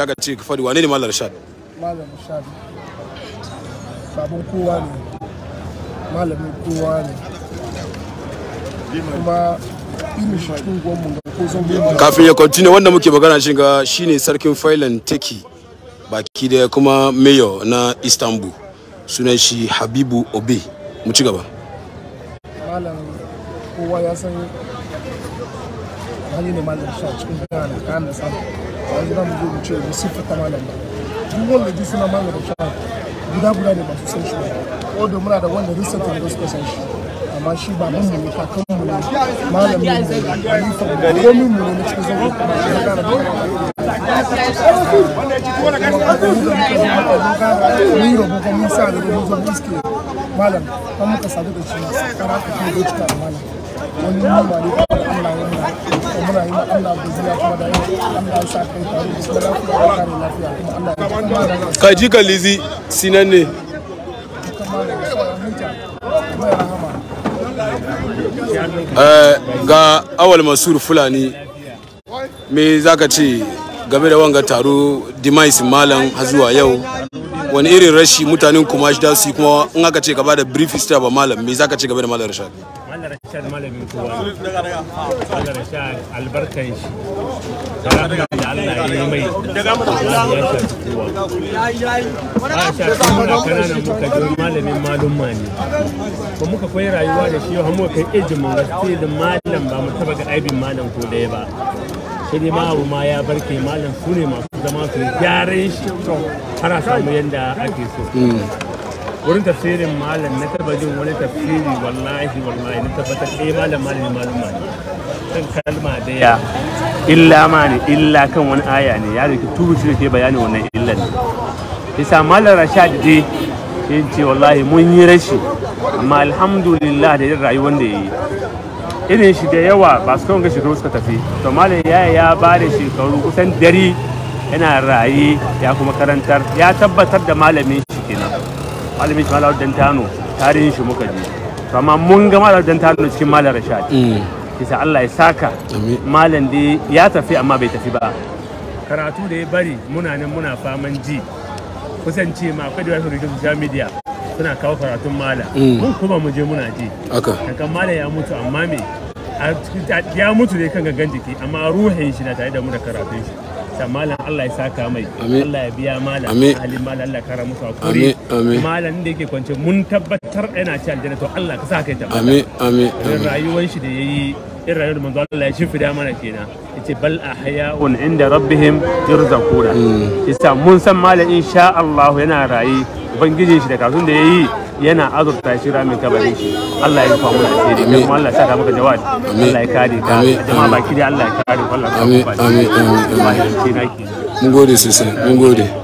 Daga ce Fadi, wane ne Malam Rashad? Malam Rashad baban kowa ne, Malam kowa ne. Kuma ilimin shakin gwamnu ga ko zan yi Kafin ya continue wanda muke magana shi ga shine sarkin Failan Teki baki da kuma mayor na Istanbul. Sunan shi Habibu Obe. Mu ci gaba. Malam kowa ya san hali ne Malam Rashad cikin Ghana, da sama. ba wani mu zo ce malam ba duk wanda ji suna malam bashar guda guda ne masu san ko da muna da wanda risanta ne suka san shi amma shi ba mun mu kakan mu ne malam ne ko mun mu ne cikin zango kuma shi ya da mun ko da malam da da ne kaji ka lizi sinan ne eh, ga awal masur fulani me za ka ce game da wanga taro dimais malam hazuwa yau wani irin rashi mutanen kuma shi da kuma in aka ce gaba da brief history ba malam me zaka ce gaba da malam rashad malam rashad malamin kowa malam rashad albarkan shi Allah ya mai malamin malum mani ko muka koyi rayuwa da shi har muka kai ejin gaske da malam ba mu taba ga aibin malam ko dai ba sai dai abu ma ya barke malam su ne masu zama su gyaran shi ana samu yadda ake so wurin tafsirin malam na taba jin wani tafsiri wallahi wallahi na tabbatar ɗaya eh, malam malam malam malam kan kalma ya illa ma ne illa kan wani aya ne ya rike tubu shi ke bayani wannan illan ne isa malam rashad dai yin ce wallahi mun yi rashi amma alhamdulillah da yin rayuwar da ya yi irin shi da yawa ba su kawai shekaru suka tafi to malam ya ya ba da shekaru kusan dari yana rayi ya kuma karantar ya tabbatar da malamin shi kenan malamin shi malam dantano tarihin shi muka ji to amma mun ga malam dantano cikin malam rashad kisa mm. Allah ya saka malam da ya tafi amma bai tafi ba karatu da ya bari muna nan muna faman ji kusan ce ma akwai da wani social media suna kawo karatun malam mm. mun kuma mu je muna ji kakan malam ya mutu amma me ya mutu dai kan gangan jiki amma ruhin shi na tare da mu da karatun shi sa malam Allah ya saka mai Allah ya biya malam halin malam Allah kara musu hakuri malam da yake kwance mun tabbatar yana ci aljanna to Allah ka saka kai ta amin amin rayuwar shi da yayi in rayuwar manzo Allah ya shifida mana kenan yace bal ahya'un inda rabbihim yurzaquna mm. yasa mun san malam insha Allah yana rayi ubangijin shi da kasun da yayi yana azurta shi rami kabarin shi Allah ya yi famu da shi ne kuma Allah ya saka maka jawabi Allah ya kare ka jama'a baki da Allah ya kare wallahi Allah amin amin amin mun gode sosai mun gode